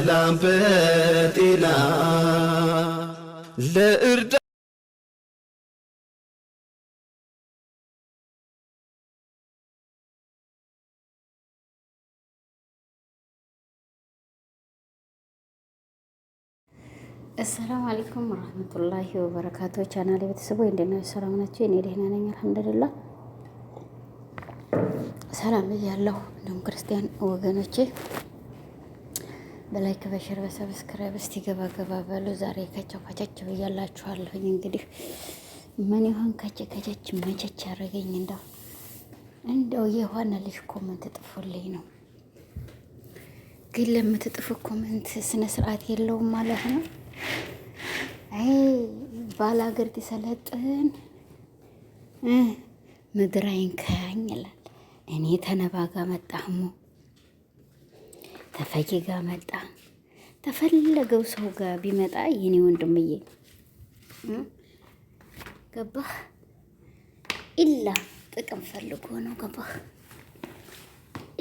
በሰላም በጤና ለእርዳ አሰላሙ አለይኩም ወራህመቱላሂ ወበረካቱ። ቻናል ቤተሰቦች እንደና ሰላም ናቸው። እኔ ደህና ነኝ አልሐምዱሊላህ። ሰላም ብያለሁ። እንዲሁም ክርስቲያን ወገኖቼ በላይክ በሸር በሰብስክራይብ እስቲ ገባ ገባ በሉ። ዛሬ ከቻው ከቻች ብያላችኋለሁኝ። እንግዲህ ምን ይሆን ከች ከቸች መቸች ያደረገኝ እንደው እንደው የሆነ ልጅ ኮመንት ጥፎልኝ ነው ግን ለምትጥፍ ኮመንት ስነ ስርዓት የለውም ማለት ነው። አይ ባል ሀገር ትሰለጥን ምድር አይንካኝ ይላል። እኔ ተነባጋ መጣህሞ ተፈቂ ጋር መጣ። ተፈለገው ሰው ጋር ቢመጣ የኔ ወንድምዬ ገባህ? ኢላ ጥቅም ፈልጎ ነው ገባህ?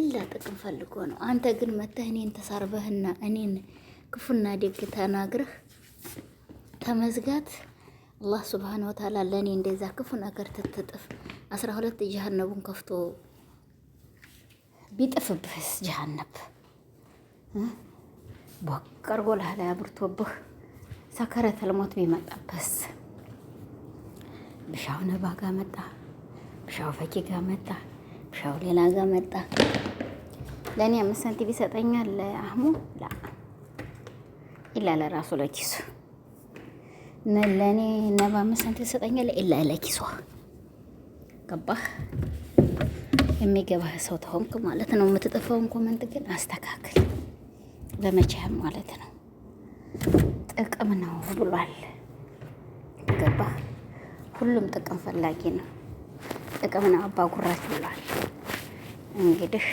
ኢላ ጥቅም ፈልጎ ነው። አንተ ግን መተህ እኔን ተሳርበህና እኔን ክፉና ደግ ተናግረህ ተመዝጋት አላህ ስብሓን ወተዓላ ለእኔ እንደዛ ክፉ ነገር ትትጥፍ አስራ ሁለት ጀሃነቡን ከፍቶ ቢጥፍብህስ ጀሃነብ ቦቀርጎ ላህላ አብርቶብህ ሰከረተል ሞት ቢመጣበስ ብሻው ነባ ጋ መጣ፣ ብሻው ፈቂ ጋ መጣ፣ ብሻው ሌላ ጋ መጣ። ለእኔ አምስት ሳንቲም ይሰጠኛል አህሙ ላ ኢላ ለራሱ ለኪሱ ለእኔ ነባ አምስት ሳንቲም ይሰጠኛል ኢላ ለኪሷ ገባህ? የሚገባህ ሰው ተሆንክ ማለት ነው። የምትጥፈውን ኮመንት ግን አስተካክል። ለመቼም ማለት ነው ጥቅም ነው ብሏል። ገባ ሁሉም ጥቅም ፈላጊ ነው። ጥቅም ነው አባጉራች ብሏል። እንግዲህ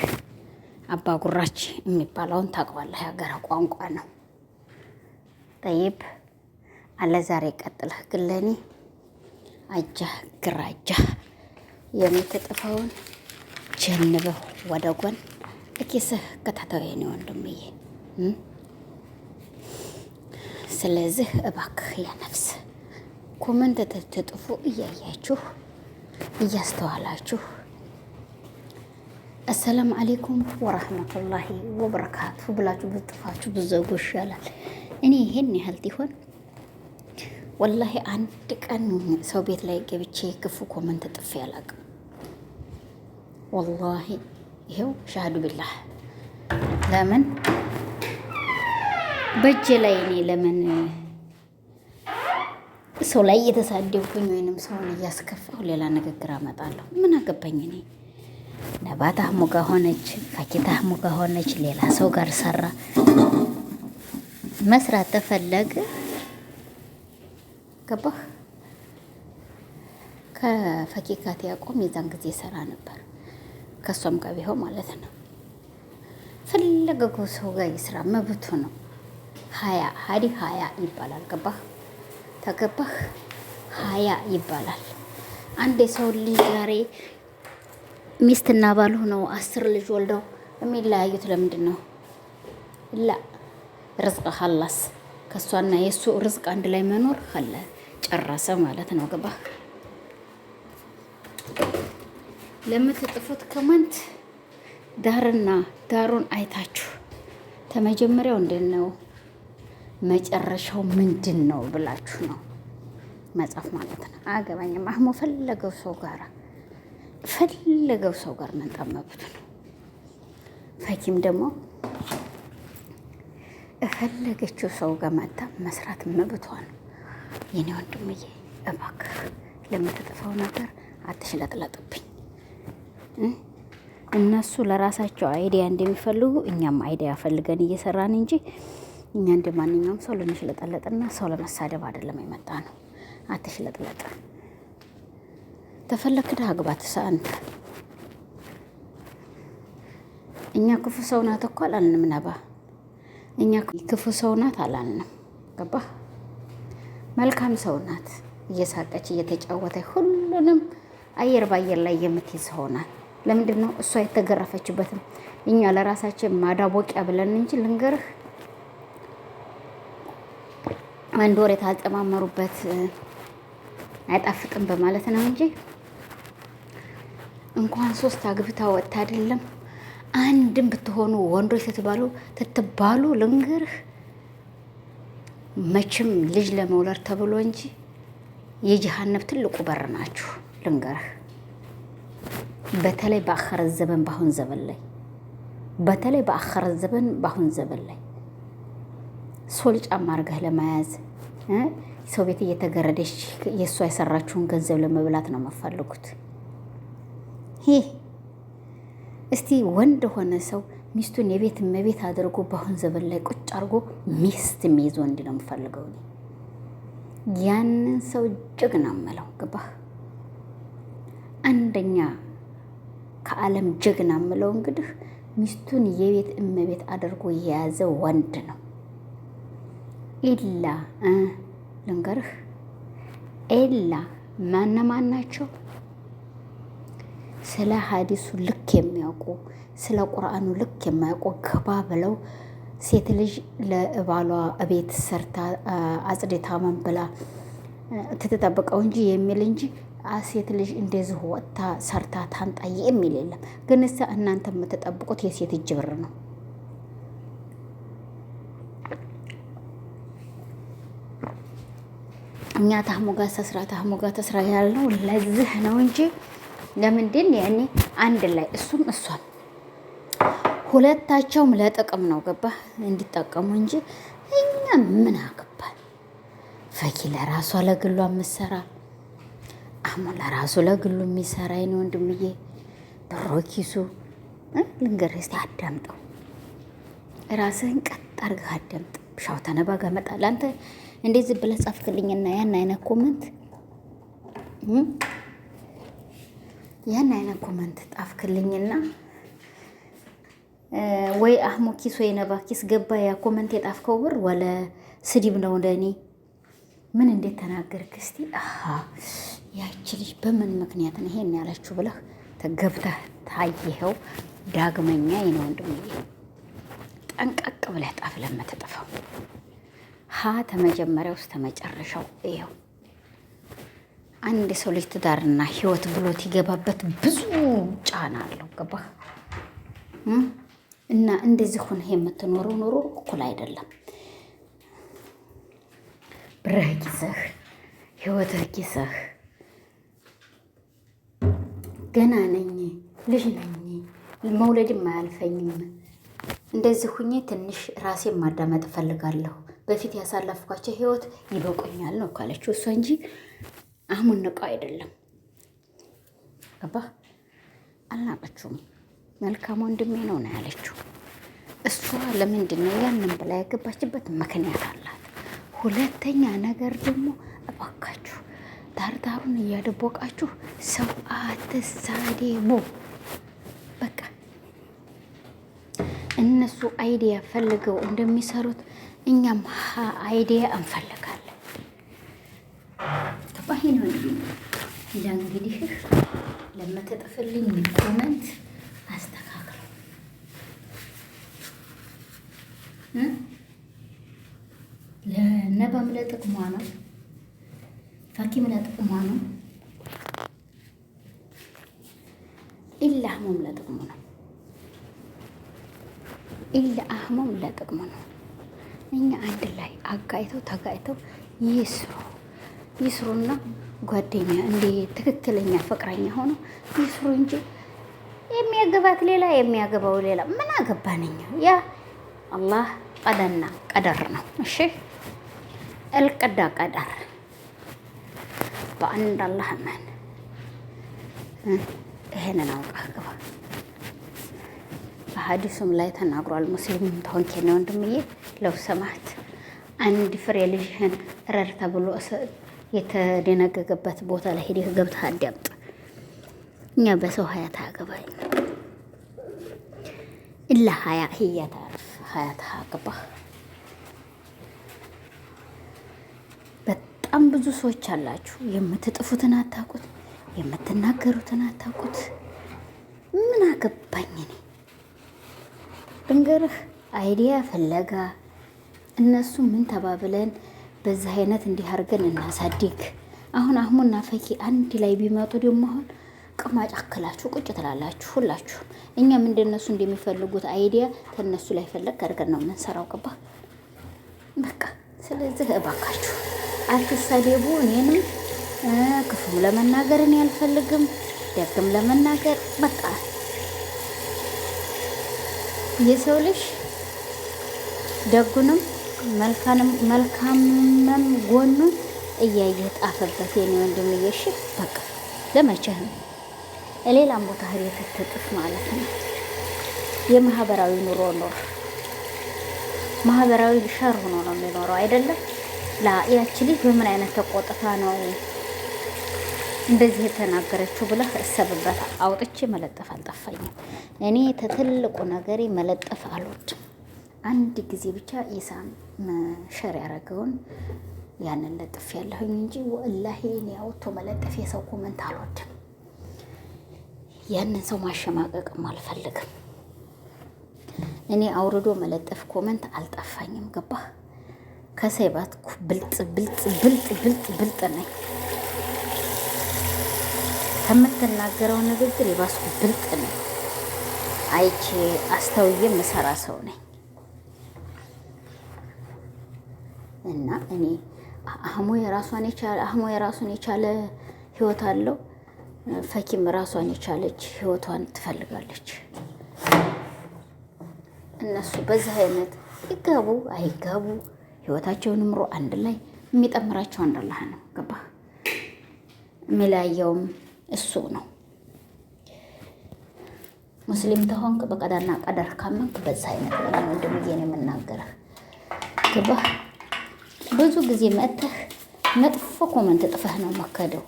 አባጉራች የሚባለውን ታውቀዋለህ። ሀገር ቋንቋ ነው። ጠይብ አለ ዛሬ ቀጥለህ ግለኔ አጃህ ግራጃ የምትጥፈውን ጀንበ ወደ ጎን እኪስህ ከታተው የኔ ወንድምዬ ስለዚህ እባክህ ያነፍስ ኮመንት ተጥፉ እያያችሁ እያስተዋላችሁ። አሰላም አሌይኩም ወራህመቱላሂ ወበረካቱ ብላችሁ ብጥፋችሁ ብዘጉ ይሻላል። እኔ ይሄን ያህል ይሆን ወላሂ አንድ ቀን ሰው ቤት ላይ ገብቼ ክፉ ኮመንት ጥፌ አላውቅም። ወላሂ ይሄው ሻህዱ ቢላህ ለምን በእጄ ላይ እኔ ለምን ሰው ላይ እየተሳደብኩኝ ወይንም ሰውን እያስከፋሁ ሌላ ንግግር አመጣለሁ? ምን አገባኝ እኔ። ነባት አህሙ ሆነች፣ ፋኪታ አህሙ ሆነች፣ ሌላ ሰው ጋር ሰራ። መስራት ተፈለገ ገባህ? ከፈኪካት ያቆም የዛን ጊዜ ሰራ ነበር ከእሷም ጋር ቢሆን ማለት ነው። ፈለገው ሰው ጋር ይስራ መብቱ ነው። ሀያ ሀዲ ሀያ ይባላል። ገባህ ተገባህ ሀያ ይባላል። አንድ የሰው ልጅ ዛሬ ሚስትና ባል ሆነው አስር ልጅ ወልደው የሚለያዩት ለምንድን ነው? ላ ርዝቅ ሀላስ ከእሷና የእሱ ርዝቅ አንድ ላይ መኖር ሀለ ጨረሰ ማለት ነው። ገባህ ለምትጥፉት ከመንት ዳርና ዳሩን አይታችሁ ተመጀመሪያው ነው? መጨረሻው ምንድን ነው ብላችሁ ነው መጻፍ ማለት ነው። አገባኝም አህሞ ፈለገው ሰው ጋር ፈለገው ሰው ጋር መንጠመዱት ነው። ፈኪም ደግሞ እፈለገችው ሰው ጋር መጣ መስራት መብቷ ነው። የኔ ወንድምዬ እባክህ ለምትጥፈው ነገር አትሽለጥለጥብኝ። እነሱ ለራሳቸው አይዲያ እንደሚፈልጉ እኛም አይዲያ ፈልገን እየሰራን እንጂ እኛ እንደ ማንኛውም ሰው ልንሽለጠለጥና ሰው ለመሳደብ አይደለም የመጣ ነው። አትሽለጥለጥ። ተፈለክደ አግባት ሰአንተ እኛ ክፉ ሰው ናት እኮ አላልንም። ነባ እኛ ክፉ ሰው ናት አላልንም። ገባ መልካም ሰው ናት። እየሳቀች እየተጫወተ ሁሉንም አየር በአየር ላይ የምትይዝ ሆናል። ለምንድን ነው እሷ የተገረፈችበትም? እኛ ለራሳችን ማዳቦቂያ ብለን እንጂ ልንገርህ አንድ ወር የታልጨማመሩበት አይጣፍጥም በማለት ነው እንጂ እንኳን ሶስት አግብታ ወጥታ አይደለም አንድም ብትሆኑ ወንዶች ስትባሉ ትትባሉ ልንገርህ፣ መቼም ልጅ ለመውለድ ተብሎ እንጂ የጀሃነብ ትልቁ በር ናችሁ። ልንገርህ፣ በተለይ በአኸረ ዘበን በአሁን ዘበን ላይ በተለይ በአኸረ ዘበን በአሁን ዘበን ላይ ሶል ጫማ አድርገህ ለመያዝ ሰው ቤት እየተገረደች የእሷ የሰራችውን ገንዘብ ለመብላት ነው የምፈልጉት። ይህ እስቲ ወንድ ሆነ ሰው ሚስቱን የቤት እመቤት አድርጎ በአሁን ዘበን ላይ ቁጭ አድርጎ ሚስት የሚይዝ ወንድ ነው የምፈልገው። ያንን ሰው ጀግና የምለው ግባህ አንደኛ ከዓለም ጀግና ምለው እንግዲህ ሚስቱን የቤት እመቤት አድርጎ የያዘ ወንድ ነው። ኢላ ልንገርህ፣ ኤላ ማነማን ናቸው? ስለ ሀዲሱ ልክ የሚያውቁ ስለ ቁርአኑ ልክ የማያውቁ ገባ ብለው ሴት ልጅ ለባሏ እቤት ሰርታ አጽድታ ምን ብላ ትትጠብቀው እንጂ የሚል እንጂ ሴት ልጅ እንደዚህ ወጥታ ሰርታ ታንጣ የሚል የለም። ግን እናንተ የምትጠብቁት የሴት እጅ ብር ነው። እኛ ታህሙ ተስራ ታህሙ ተስራ ያልነው ለዚህ ነው እንጂ ለምንድን ያኔ አንድ ላይ እሱም እሷም ሁለታቸውም ለጥቅም ነው ገባ እንዲጠቀሙ እንጂ እኛ ምን አገባል። ፈኪ ለራሷ ለግሉ የምትሰራ አህሙ ለራሱ ለግሉ የሚሰራ ነው። ወንድምዬ ብሮ ኪሱ ልንገርህ እስኪ አዳምጠው። ራስህን ቀጥ አድርገህ አዳምጥ። ሻው ተነባ ገመጣ መጣል እንዴት ዝም ብለህ ጻፍክልኝና ያን አይነት ኮመንት ያን አይነት ኮመንት ጣፍክልኝና ወይ አህሙ ኪስ ወይ ነባ ኪስ ገባ። ያ ኮመንት የጣፍከው ብር ወለ ስድብ ነው። ለእኔ ምን እንዴት ተናገርክ? እስቲ አሃ ያቺ ልጅ በምን ምክንያት ነው ይሄን ያለችው ብለህ ተገብተህ ታየኸው። ዳግመኛ የኔ ወንድምዬ ጠንቀቅ ብለህ ጣፍ ለምትጥፈው ሀ ተመጀመሪያ ውስጥ መጨረሻው ይኸው አንድ ሰው ልጅ ትዳርና ህይወት ብሎት ይገባበት ብዙ ጫና አለው። ገባህ እና እንደዚህ ሆነህ የምትኖረው ኑሮ እኩል አይደለም። ብረህ ጊዘህ ህይወትህ ጊዘህ ገና ነኝ ልጅ ነኝ መውለድም አያልፈኝም እንደዚህ ሁኜ ትንሽ ራሴን ማዳመጥ እፈልጋለሁ በፊት ያሳለፍኳቸው ህይወት ይበቆኛል ነው ካለችው እሷ እንጂ አህሙን ንቀው አይደለም። አባ አልናቀችውም። መልካም ወንድሜ ነው ነው ያለችው። እሷ ለምንድን ነው ያንን ብላ ያገባችበት ምክንያት አላት። ሁለተኛ ነገር ደግሞ እባካችሁ ዳርዳሩን እያደቦቃችሁ ሰው አትሳደቡ። በቃ እነሱ አይዲያ ፈልገው እንደሚሰሩት እኛም አይዲያ እንፈልጋለን። ተባሂ ነው ለእንግዲህ ለምትጥፍልኝ ኮመንት አስተካክለው ለነባም ለጥቅሟ ነው፣ ፋኪም ለጥቅሟ ነው፣ ኢላ አህሞም ለጥቅሙ ነው፣ ኢላ አህሞም ለጥቅሙ ነው። እኛ አንድ ላይ አጋይተው ተጋይተው ይስሩ ይስሩና ጓደኛ እንደ ትክክለኛ ፍቅረኛ ሆኖ ይስሩ እንጂ የሚያገባት ሌላ የሚያገባው ሌላ ምን አገባንኛ? ያ አላህ ቀደና ቀደር ነው። እሺ እልቅዳ ቀደር በአንድ አላህ እመን። ይሄንን አውቃህ ግባ። በሀዲሱም ላይ ተናግሯል። ሙስሊም ተሆንኬ ነው ወንድምዬ ለው ሰማት አንድ ፍሬ ልጅህን ረር ተብሎ የተደነገገበት ቦታ ላይ ሄደህ ገብተህ አዳምጥ። እኛ በሰው ሀያት አገባኝ ኢላ ሀያ ህያት ሀያት አገባ። በጣም ብዙ ሰዎች አላችሁ። የምትጥፉትን አታውቁት፣ የምትናገሩትን አታውቁት። ምን አገባኝ እኔ ድንገርህ አይዲያ ፍለጋ እነሱ ምን ተባብለን በዚህ አይነት እንዲህ አድርገን እናሳድግ። አሁን አህሙና ፈኪ አንድ ላይ ቢመጡ ደግሞ አሁን ቅማጭ አክላችሁ ቁጭ ትላላችሁ ሁላችሁ። እኛም እንደነሱ እንደሚፈልጉት አይዲያ ከነሱ ላይ ፈለግ አድርገን ነው የምንሰራው። ቅባ በቃ። ስለዚህ እባካችሁ አትሳደቡ። እኔንም ክፉም ለመናገር እኔ አልፈልግም፣ ደግም ለመናገር በቃ የሰው ልጅ ደጉንም መልካምም ጎኑን እያየህ ጣፈበት የኔ ወንድም እየሽ በቃ ለመቼህ ነው ሌላም ቦታ ህድ የትትጥፍ ማለት ነው። የማህበራዊ ኑሮ ኖር ማህበራዊ ሸር ሆኖ ነው የሚኖረው አይደለም። ላያች ልጅ በምን አይነት ተቆጥታ ነው እንደዚህ የተናገረችው ብለህ እሰብበት። አውጥቼ መለጠፍ አልጠፋኝም። እኔ ተትልቁ ነገሬ መለጠፍ አልወድም። አንድ ጊዜ ብቻ ኢሳም ሸር ያደረገውን ያንን ለጥፍ ያለሁኝ እንጂ ወላሂ እኔ አውጥቶ መለጠፍ የሰው ኮመንት አልወድም። ያንን ሰው ማሸማቀቅም አልፈልግም። እኔ አውርዶ መለጠፍ ኮመንት አልጠፋኝም። ገባህ? ከሰይባት ብልጥ ብልጥ ብልጥ ብልጥ ብልጥ ነኝ። ከምትናገረው ንግግር የባስኩ ብልጥ ነኝ። አይቼ አስተውዬ የምሰራ ሰው ነኝ። እና እኔ አህሙ የራሷን የቻለ አህሙ የራሱን የቻለ ህይወት አለው። ፈኪም ራሷን የቻለች ህይወቷን ትፈልጋለች። እነሱ በዚህ አይነት ይጋቡ አይጋቡ ህይወታቸውን ምሮ አንድ ላይ የሚጠምራቸው አንድ ነው። ገባ የሚለያየውም እሱ ነው። ሙስሊም ተሆንክ በቀዳና ቀደር ካመንክ በዛ አይነት ወንድምዬን የምናገረ ገባ ብዙ ጊዜ መጥተህ መጥፎ ኮመንት ጥፈህ ነው መከደው።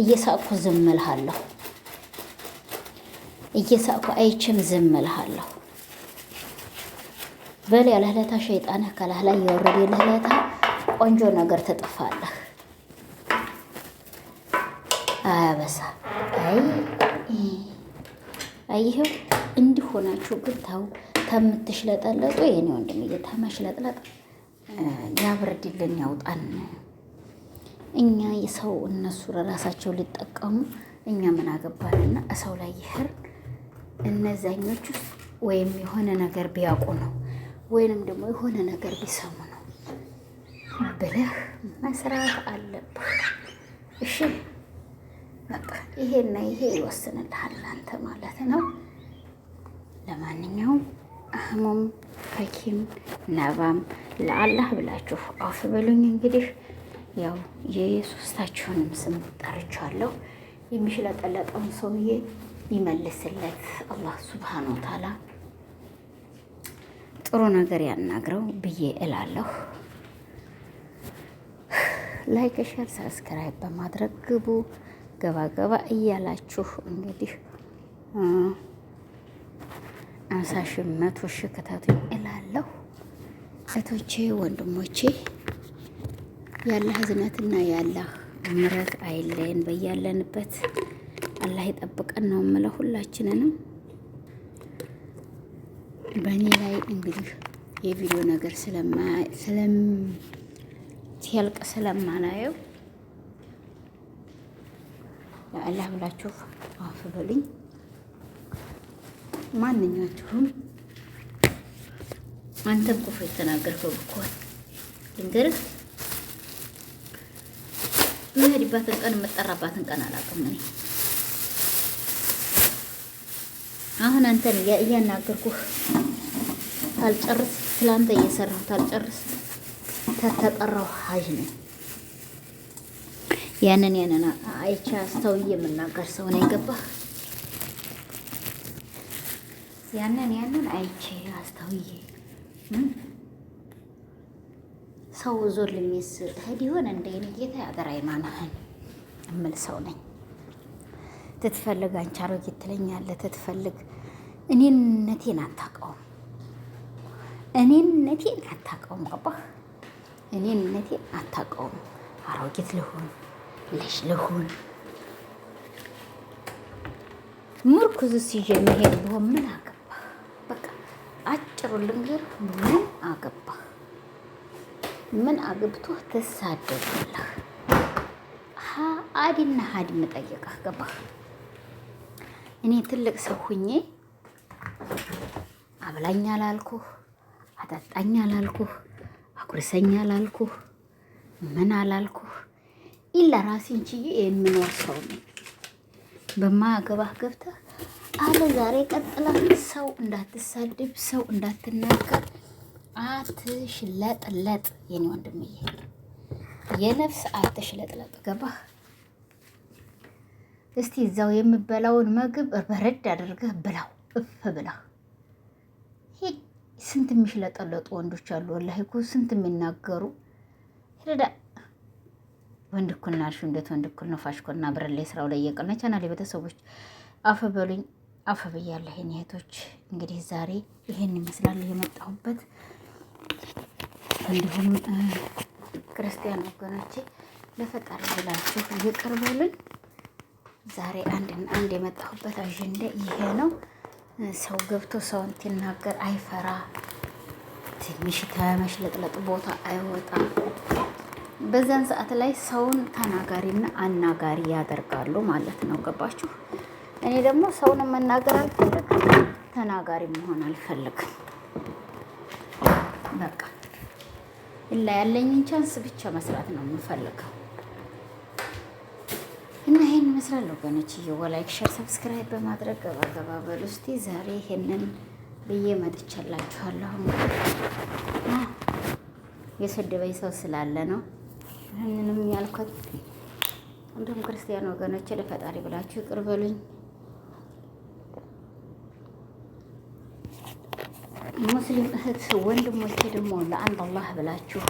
እየሳቅኩ ዝም እልሃለሁ፣ እየሳቅኩ አይችም ዝም እልሃለሁ። በል ያለህ ሸይጣንህ ከላህ ላይ የወረደ የለህ ቆንጆ ነገር ትጥፋለህ። አያበሳ አይ አይኸው እንዲሆናችሁ ሆናችሁ ግን ተው ተምትሽለጠለጡ የኔ ወንድም ተመሽለጥለጥ ያብርድልን ያውጣን። እኛ የሰው እነሱ ለራሳቸው ሊጠቀሙ እኛ ምን አገባንና እሰው ላይ ይህር እነዛኞቹ ወይም የሆነ ነገር ቢያውቁ ነው ወይንም ደግሞ የሆነ ነገር ቢሰሙ ነው ብለህ መስራት አለብህ። እሺ ይሄና ይሄ ይወስንልሃል አንተ ማለት ነው። ለማንኛውም ህሙም ሐኪም ነባም ለአላህ ብላችሁ አፍ በሉኝ። እንግዲህ ያው የሶስታችሁንም ስም ጠርቻለሁ። የሚሽለጠለጠውን ሰውዬ ይመልስለት አላህ ሱብሃነ ወተዓላ ጥሩ ነገር ያናግረው ብዬ እላለሁ። ላይክ፣ ሸር፣ ሰብስክራይብ በማድረግ ግቡ ገባ ገባ እያላችሁ እንግዲህ አምሳ ሺህ መቶ ክተቱኝ እላለሁ። እህቶቼ ወንድሞቼ፣ የአላህ እዝነትና የአላህ ምረት አይለየን። በያለንበት አላህ ይጠብቀን ነው የምለው ሁላችንንም። በእኔ ላይ እንግዲህ የቪዲዮ ነገር ሲያልቅ ስለማላየው ለአላህ ብላችሁ አፍ በሉኝ። ማንኛችሁም አንተም ክፉ የተናገርከው ብኮን ልንገርህ፣ መሄድባትን ቀን የምጠራባትን ቀን አላውቅም እኔ። አሁን አንተን እያናገርኩህ ታልጨርስ ስለአንተ እየሰራሁ ታልጨርስ ተተጠራሁ ሀጅ ነኝ። ያንን ያንን አይቼ አስተውዬ የምናገር ሰውን አይገባህ ያንን ያንን አይቼ አስተውዬ ሰው ዞር ልሚስ ህድ ይሆን እንደ እኔ ጌታ ያገር ሃይማኖህን እምል ሰው ነኝ። ትትፈልግ አንቺ አሮጌት ትለኛለህ። ትትፈልግ እኔነቴን አታውቀውም። እኔነቴን አታውቀውም። ገባህ? እኔነቴን አታውቀውም። አሮጌት ልሁን ልሽ ልሁን ምርኩዝ ሲጀ መሄድ ብሆን ምን አካ ባጭሩ ልንገር፣ ምን አገባ ምን አግብቶህ ትሳደባለህ? አዲና ሀዲ የምጠይቅህ ገባህ? እኔ ትልቅ ሰው ሁኜ አብላኝ አላልኩህ፣ አጠጣኝ አላልኩህ፣ አጉርሰኝ አላልኩህ፣ ምን አላልኩህ። ኢላ ራሴን ችዬ የምኖር ሰው ነኝ። በማያገባህ ገብተህ አለ ዛሬ ቀጥላ ሰው እንዳትሳድብ፣ ሰው እንዳትናገር፣ አትሽለጥለጥ። የኔ ወንድምዬ የነፍስ አትሽለጥለጥ። ገባህ? እስቲ እዛው የምበላውን ምግብ በረድ አድርገህ ብላው፣ እፍ ብላ። ስንት የሚሽለጠለጡ ወንዶች አሉ። ወላሂ እኮ ስንት የሚናገሩ ሄዳ ወንድ እኩል ናልሽ፣ እንዴት ወንድ እኩል ነው? ፋሽኮና ብረላይ ስራው ላይ የቀነቻና ቤተሰቦች አፈበሉኝ። አፈ ብያለሁ የኔ እህቶች። እንግዲህ ዛሬ ይሄን ይመስላል የመጣሁበት። እንዲሁም ክርስቲያን ወገኖቼ ለፈጣሪ ብላችሁ እየቀርበልን ዛሬ አንድና አንድ የመጣሁበት አጀንዳ ይሄ ነው። ሰው ገብቶ ሰውን ትናገር አይፈራ፣ ትንሽ ከመሽለጥለጥ ቦታ አይወጣ። በዛን ሰዓት ላይ ሰውን ተናጋሪና አናጋሪ ያደርጋሉ ማለት ነው። ገባችሁ? እኔ ደግሞ ሰውን መናገር አልፈልግም፣ ተናጋሪ መሆን አልፈልግም። በቃ እላ ያለኝን ቻንስ ብቻ መስራት ነው የምፈልገው። እና ይሄን ይመስላል ወገኖችዬ። ላይክ፣ ሼር፣ ሰብስክራይብ በማድረግ ገባ ገባ በሉ እስቲ። ዛሬ ይሄንን ብዬ መጥቻላችኋለሁ። የሰደበኝ ሰው ስላለ ነው ይህንንም ያልኩት። እንዲሁም ክርስቲያን ወገኖች ለፈጣሪ ብላችሁ ይቅር በሉኝ። ሙስሊም እህት ወንድሞች ደግሞ ለአንድ አላህ ብላችሁ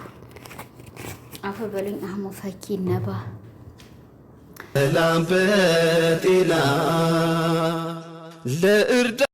አፈ በሉኝ። አህሙ ፈኪ ነባ ሰላም በጤና ለእርዳ